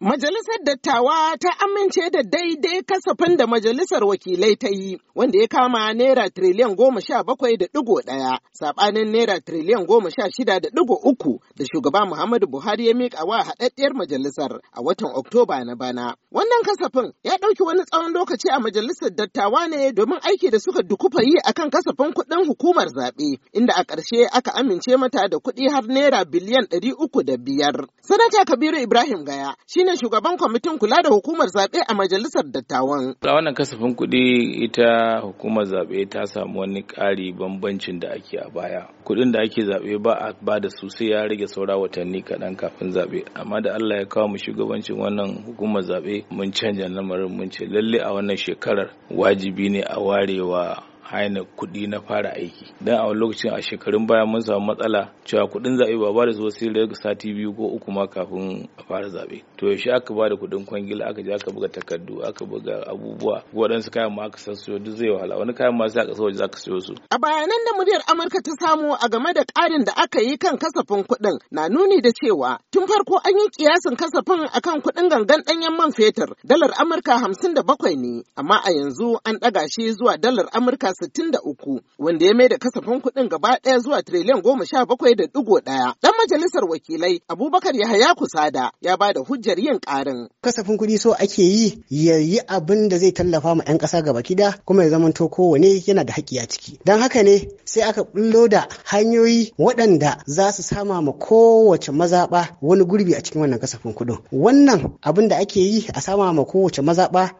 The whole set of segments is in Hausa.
Majalisar Dattawa ta amince da daidai kasafin da Majalisar Wakilai ta yi, wanda ya kama Naira tiriliyan goma sha bakwai da ɗigo ɗaya, saɓanin Naira tiriliyan goma sha shida da ɗigo uku da shugaba Muhammadu Buhari ya miƙa wa haɗaɗɗiyar majalisar a watan Oktoba na bana. Wannan kasafin ya ɗauki wani tsawon lokaci a Majalisar Dattawa ne domin aiki da suka dukufa yi akan kasafin kuɗin hukumar zaɓe, inda a ƙarshe aka amince mata da kuɗi har Naira biliyan ɗari uku da biyar. Sanata Kabiru Ibrahim Gaya shine shugaban kwamitin kula da hukumar zaɓe a majalisar dattawan. A wannan kasafin kuɗi ita hukumar zaɓe ta samu wani ƙari bambancin da ake a baya. Kuɗin da ake zaɓe ba a ba da su sai ya rage saura watanni kaɗan kafin zaɓe. Amma da Allah ya kawo mu shugabancin wannan hukumar zaɓe mun canja lamarin mun ce lalle a wannan shekarar wajibi ne a warewa haina kuɗi na fara aiki dan a lokacin a shekarun baya mun samu matsala cewa kuɗin zaɓe ba ba da zuwa sai daga sati biyu ko uku ma kafin a fara zaɓe to yaushe aka ba da kuɗin kwangila aka je aka buga takardu aka buga abubuwa waɗansu kayan ma aka sassuyo duk zai wahala wani kayan ma sai aka waje za ka su. A bayanan da muryar Amurka ta samu a game da ƙarin da aka yi kan kasafin kuɗin na nuni da cewa tun farko an yi kiyasin kasafin akan kuɗin gangan ɗanyen man fetur dalar Amurka hamsin da bakwai ne amma a yanzu an ɗaga shi zuwa dalar Amurka 63 wanda ya mai da kasafin kuɗin gaba ɗaya zuwa tiriliyan goma sha bakwai da ɗigo ɗaya. Ɗan majalisar wakilai Abubakar Yahaya Kusada ya ba da hujjar yin ƙarin. Kasafin kuɗi so ake yi ya yi abin da zai tallafa ma 'yan ƙasa gaba kida kuma ya zamanto kowane yana da haƙƙi a ciki. Don haka ne sai aka ɓullo da hanyoyi waɗanda za su sama ma kowace mazaɓa wani gurbi a cikin wannan kasafin kuɗin. Wannan abin da ake yi a sama ma kowace mazaɓa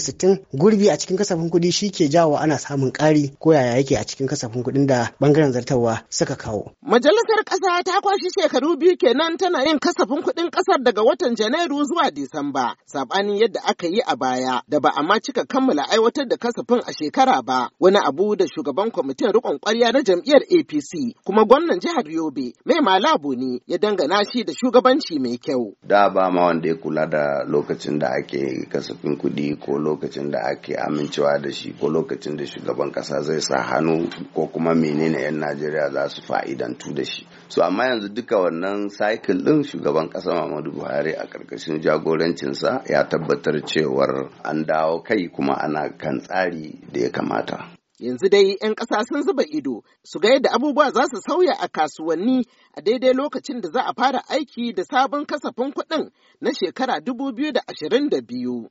sittin, gurbi a cikin kasafin kuɗi shi ke jawo ana samun kari ƙari ko yaya yake a cikin kasafin kuɗin da bangaren zartarwa suka kawo. Majalisar ƙasa ta kwashi shekaru biyu kenan tana yin kasafin kuɗin ƙasar daga watan Janairu zuwa Disamba, saɓanin yadda aka yi a baya da ba a ma cika kammala aiwatar da kasafin a shekara ba, wani abu da shugaban kwamitin riƙon ƙwarya na jam'iyyar APC kuma gwamnan jihar Yobe, Mai malabu ne ya dangana shi da shugabanci mai kyau. Da ba ma wanda ya kula da lokacin da ake kasafin kuɗi ko lokacin da ake amincewa da shi ko lokacin da shugaban shugaban kasa zai sa hannu ko kuma menene 'yan najeriya za su fa'idantu da shi so amma yanzu duka wannan saikin din shugaban kasa muhammadu buhari a karkashin jagorancinsa ya tabbatar cewar an dawo kai kuma ana kan tsari da ya kamata yanzu dai 'yan ƙasa sun zuba ido su ga yadda abubuwa za su sauya a kasuwanni a daidai lokacin da za a fara aiki da sabon kasafin kuɗin na shekara 2022.